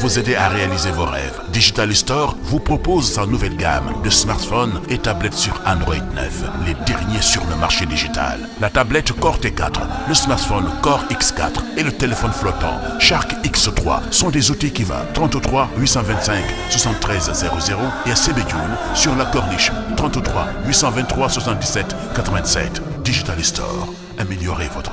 vous aider à réaliser vos rêves. Digital Store vous propose sa nouvelle gamme de smartphones et tablettes sur Android 9, les derniers sur le marché digital. La tablette Core T4, le smartphone Core x et le téléphone flottant Shark x et à sur la Corniche Digital Store, améliorez votre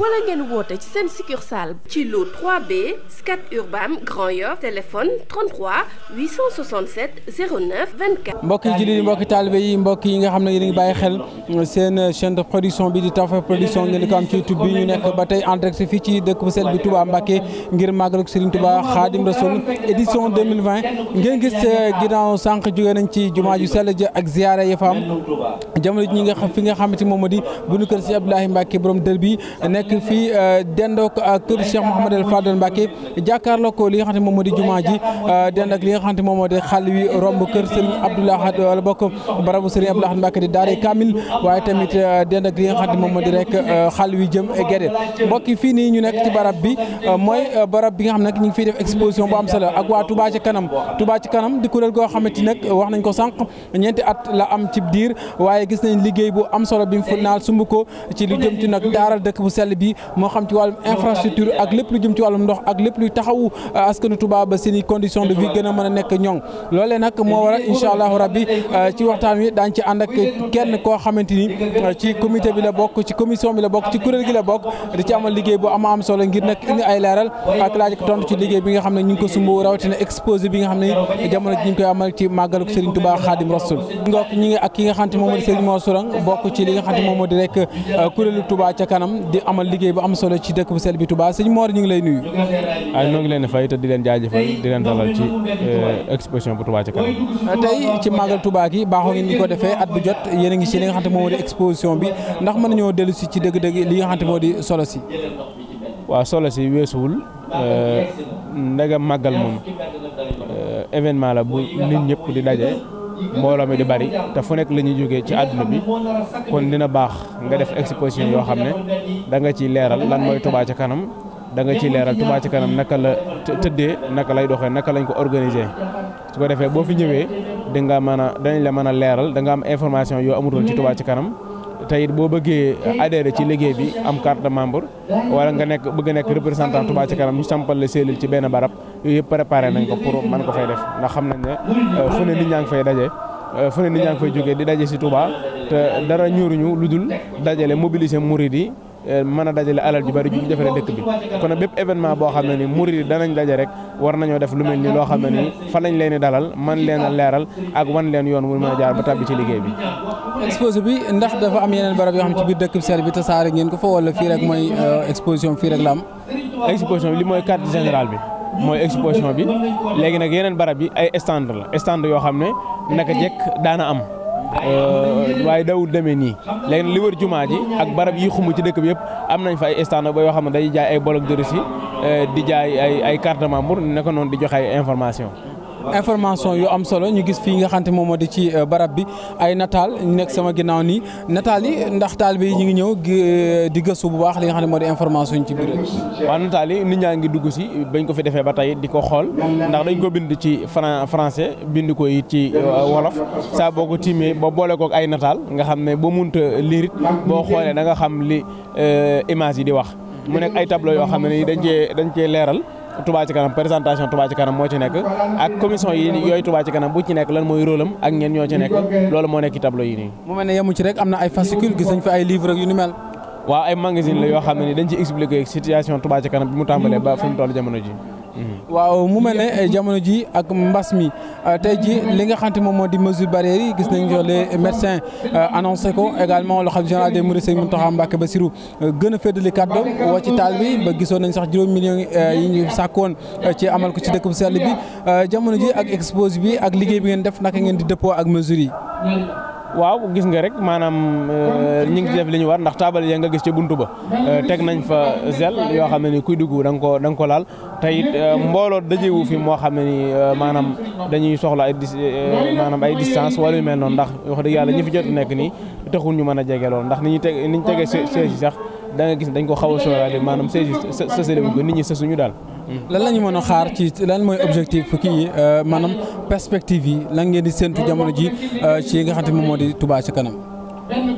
wala ngeen woote ci seen succursale ci lu 3B Scat Urbam Grand Yoff téléphone 33 867 09 24. mbokki jullit yi mbokki taalibe yi mbokk yi nga xam ne yéen a ngi bàyyi xel seen chaîne de production bi di Tawfekh Production ngeen di ko am ci YouTube bi ñu nekk ba tey en direct fii ci dëkk bu sell bi Touba Mbacké ngir màggal ak Serigne Touba Khadim Rasoul édition 2020 ngeen gis euh, ginnaaw sànq jóge nañ ci jumaa ju sell ja ak ziyaara ya fa am jamono ji ñi nga fi nga xamante moom ma di bu ñu kër si bi nekk fii euh, dendook ak euh, kër Cheikh Mouhamed El Fadel Mbacke jàkkaarloo ko li nga xam ne moom moo di jumaa ji euh, dend ak li moom moo di xàll wi romb kër Serigne Abdoul Ahad wala bokk barabu Serigne Abdoul Ahad Mbacke di daare Kamil waaye tamit dend ak li moom moo di rek xàll wi jëm Guédé mbokk yi fii ñu nekk ci barab bi mooy barab bi nga xam ne ñu ngi fiy def exposition bu am solo ak waa Touba ci kanam Touba ci kanam di kuréel goo xamante nag ko sànq ñeenti la am ci diir waaye gis nañ liggéey bu am solo bi mu naal sumb ko ci lu jëm ci di moo xam ci wàllum infrastructure ak lépp lu jëm ci wàllum ndox ak lépp luy taxawu euh, askanu Touba ba seen i condition de vie gën a mën a nekk ñoŋ loolee nag moo waral incha allahu rabbi euh, ci waxtaan wi daañ ci ànd ak kenn koo xamante euh, ci comité bi la bokk ci commission bi la bokk ci kuréel bi nga xam ne jamono ji ñu koy amal ci màggalu Serigne Touba Khadim Rasoul ngook ñi nga xam ne moom moo di Serigne Mor ci li nga xam ne moom taxawal liggéey bu am solo ci dëkk bu sel bi Touba sëñ Mor ñu ngi lay nuyu. waaye ah, ñoo ngi leen di fay te di leen jaajëfal di leen dalal ci euh, exposition bu Touba ci kanam. Ah, tey ci màggal tubaa gi baaxoo ngeen ñu ko defee at bu jot yéen a ngi ci li nga xam ne moo di exposition bi ndax mën nañoo dellu si ci dëgg-dëgg li nga xam ne moo di solo si. waaw solo si weesuwul euh, ndegam màggal moom euh, événement la bu nit ñëpp di daje. mbooloo mi di bari te fu nekk la ñuy jógee ci àdduna bi kon dina baax nga def exposition yoo xam ne da nga ciy leeral lan mooy Touba ca kanam da nga ciy leeral Touba ca kanam naka la tëddee naka lay doxee naka lañ ko organiser. su ko defee boo fi ñëwee di nga mën a dañ la mën a leeral da nga am information yoo amutoon ci Touba ca kanam. teyit boo bëggee adhéré ci liggéey bi am carte de membre wala nga nekk bëgg nekk représentant Touba ci kanam ñu sampal la cellule ci benn barab yooyu yëpp préparé nañ ko pour man ko fay def nga xam nañ ne euh, fu ne nit ñaa ngi fay daje euh, fu ne nit ñaa ngi fay jógee di daje si Touba te dara ñu lu dul dajale mobiliser murid yi Eh, man a dajale alal ju bari ju ñu defaree dëkk bi kon nag bépp événement boo xam ne ni murid yi danañ daje rek war nañoo def lu mel ni loo xam ne ni fa lañ leen dalal man leen a leeral ak wan leen yoon wu mën jaar ba tàbbi ci liggéey bi. exposition bi ndax dafa am yeneen barab yoo xam ci biir dëkk bi sell bi tasaare ngeen ko fa wala fii rek mooy euh, exposition fii rek la am. exposition bi mooy carte générale bi. mooy exposition bi léegi nag yeneen barab yi ay stand la stand yoo xam ne naka jekk daana am. waaye dawul demee nii léegi li wër jumaa ji ak barab yi xumb ci dëkk bi yëpp am nañ fa ay stand ba yoo xam ne dañuy jaay ay bolok de Russie eh, di jaay ay ay carte de membre ne noonu di joxe ay information information yu am solo ñu gis fii nga xamante moom moo di ci euh, barab bi ay nataal nekk sama ginnaaw nii nataal yi ndax taal bi ñu ngi ñëw euh, di gëstu bu baax li nga xam ne moo di information ci biir. waaw nataal yi nit ñaa ngi dugg si bañ ko fi defee ba tey di ko xool ndax dañ ko bind ci français bind ko it ci euh, wolof saa boo tiimee ba boole kook ay nataal nga xam ne ba munta liirit boo xoolee da nga xam li image yi di wax mu nekk ay tableau yoo xam ne dañ cee dañ cee leeral. Touba ci kanam présentation Touba ci kanam moo ci nekk ak commission yi yooyu Touba ci kanam bu ci nekk lan mooy rôle am ak ñen ñoo ci nekk loolu moo nekk ci tableau yi nii. mu mel ne yemu rek am na ay fascicule gis nañ fi ay livre yu ni mel. waaw ay magazine la yoo xam ne dañ ci expliquer situation Touba ci kanam bi mu tàmbalee ba fu mu toll ji waaw mu mel ne eh, jamono ji ak mbas mi eh, tey ji li nga xamante moom moo di mesure barrière yi gis nañ ko les médecins eh, annoncé ko également le de général des mourides Serigne Mountakha Mbacké Bassirou gën a féddali kàddoom woo ci taal bi ba gisoon nañ sax juróom millions yi ñu sàkkoon ci amal ko ci dëkk bu sell bi jamono ji ak expose bi ak liggéey bi ngeen def naka ngeen di dëppoo ak mesure yi waaw gis nga rek maanaam euh, ñi ngi ci def li ñu war ndax taabal ya nga gis ci bunt ba euh, teg nañ fa zel yoo xam ne ni kuy dugg da nga ko da ko laal te it euh, mbooloo dajewu fi moo xam ne ni maanaam dañuy soxla ay dis maanaam ay distance wala yu mel noonu ndax wax dëgg yàlla ñi fi jot nekk nii taxul ñu mën a jege lool ndax ni ñu teg ni ñu tegee saisi sax da nga gis dañ ko xaw a sóoraale maanaam sësi sësale wuñ ko nit ñi sësuñu daal. Hmm. lan la ñu mën a xaar ci lan mooy objectif kii euh, maanaam perspective yi lan ngeen di séntu jamono ji euh, ci nga xam te moom moo di Touba ci kanam.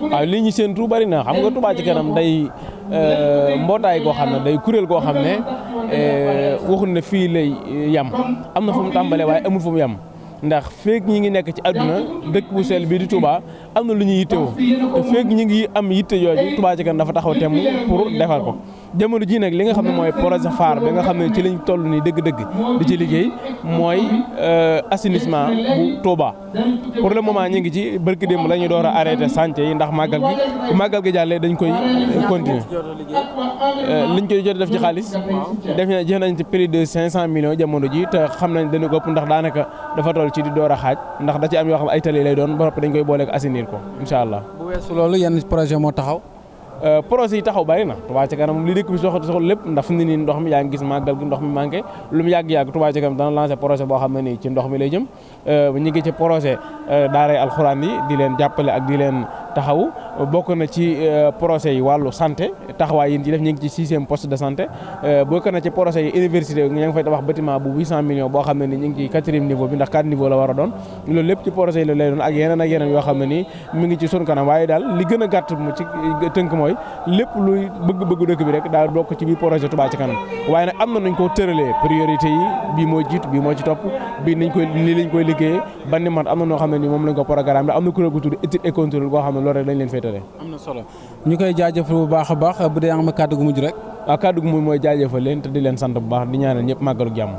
waaw ah, li ñu séntu bari na xam nga Touba ci kanam day euh, mbootaay goo xam ne day kuréel goo xam ne waxuñ na fii lay yam am na fu mu tàmbalee waaye amul fu mu yam. ndax feek ñi ngi nekk ci àdduna dëkk bu sell bii di Touba am na lu ñuy yittewoo te feek ñi ngi am yitte yooyu Touba ci kan dafa taxaw temm pour defar ko jamono ji nag li nga xam ne mooy projet faar bi nga xam ne ci lañ toll nii dëgg-dëgg di ci liggéey mooy euh, assainissement bu Touba. pour le moment ñu ngi ci barki démb la ñu door a arrêté yi ndax màggal gi bu màggal gi jàllee dañ koy euh, continuer euh, liñ koy jot def ci xaalis def na jeex nañ ci prix de 500 millions jamono ji te xam nañ dana gopp ndax daanaka dafa toll ci di door a xaaj ndax da ci am yoo xam ay tali lay doon ba noppi koy booleeg assainir ko incha allah. loolu yenn projet moo taxaw. Euh, projet yi taxaw bari na Touba Ca Kanam li dëkk bi soxla soxla lépp ndax fi mu ndox mi yaa ngi gis màggal gi ndox mi manqué lu mu yàgg-yàgg Touba Ca Kanam dana lancé projet boo xam ne nii ci ndox mi lay jëm euh, ñu ngi ci projet euh, alxuraan yi di leen jàppale ak di leen taxaw bokk na ci euh, projet yi wàllu santé taxawaay yi ñu def ñu ci sixième poste de santé euh, bokk na ci projet yi université boo xam ne ni ñu ngi ci a a euh, priorité yi bii moo jiitu bii moo ci topp bii niñ koy koy liggéeyee banni mat am na noo xam ne ni moom lañ ko programme am na kuréel gu tudd étude et contrôle boo xam ne loolu rek lañ leen féetale. am na solo ñu koy jaajëfal bu baax a baax bu dee am kàddu gu mujj rek. waaw ah, kàddu gu mujj mooy jaajëfal leen te di leen sant bu baax di ñaanal ñëpp màggalu jàmm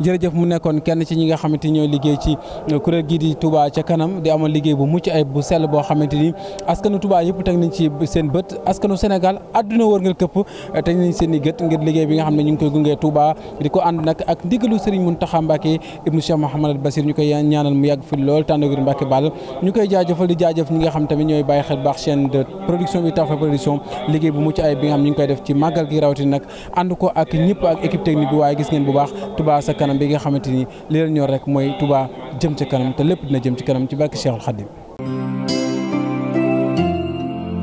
jërëjëf mu nekkoon kenn ci ñi nga xamante ni ñooy liggéey ci kuréel gi di Touba ca kanam di amal liggéey bu mucc ay bu sell boo xamante ni askanu Touba yëpp teg nañ ci seen bët askanu Sénégal àdduna wër nga këpp teg nañ seen i gët ngir liggéey bi nga xam ne ñu ngi koy gungee Touba di ko ànd nag ak ndigalu Serigne Mountakha Mbacké ibnu Cheikh Mouhamadou Bassir ñu koy ñaanal lool tàndagir Mbacké Ball ñu koy di jaajëf ñi nga xam tamit ñooy bàyyi xel baax chaîne de production bi bu mucc ay bi koy def ci màggal gi rawatina nag ànd ko ak ñëpp ak équipe technique bi waaye gis ngeen bu baax Touba ca kanam kanam bi nga xamante ni li leen ñor rek mooy Touba jëm ci kanam te lépp dina jëm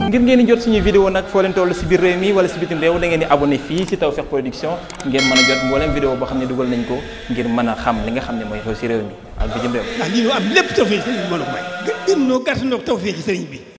ngir ngeen jot suñu vidéo nag foo leen toll si biir réew mi wala si bitim réew da ngeen di abonné fii si Tawfekh Production ngeen mën a jot mboolem vidéo boo xam ne dugal nañ ko ngir mën a xam li nga xam ne mooy xew si réew mi ak bitim réew. ndax ah, lii am lépp Tawfekh sëriñ a may. sëriñ bi.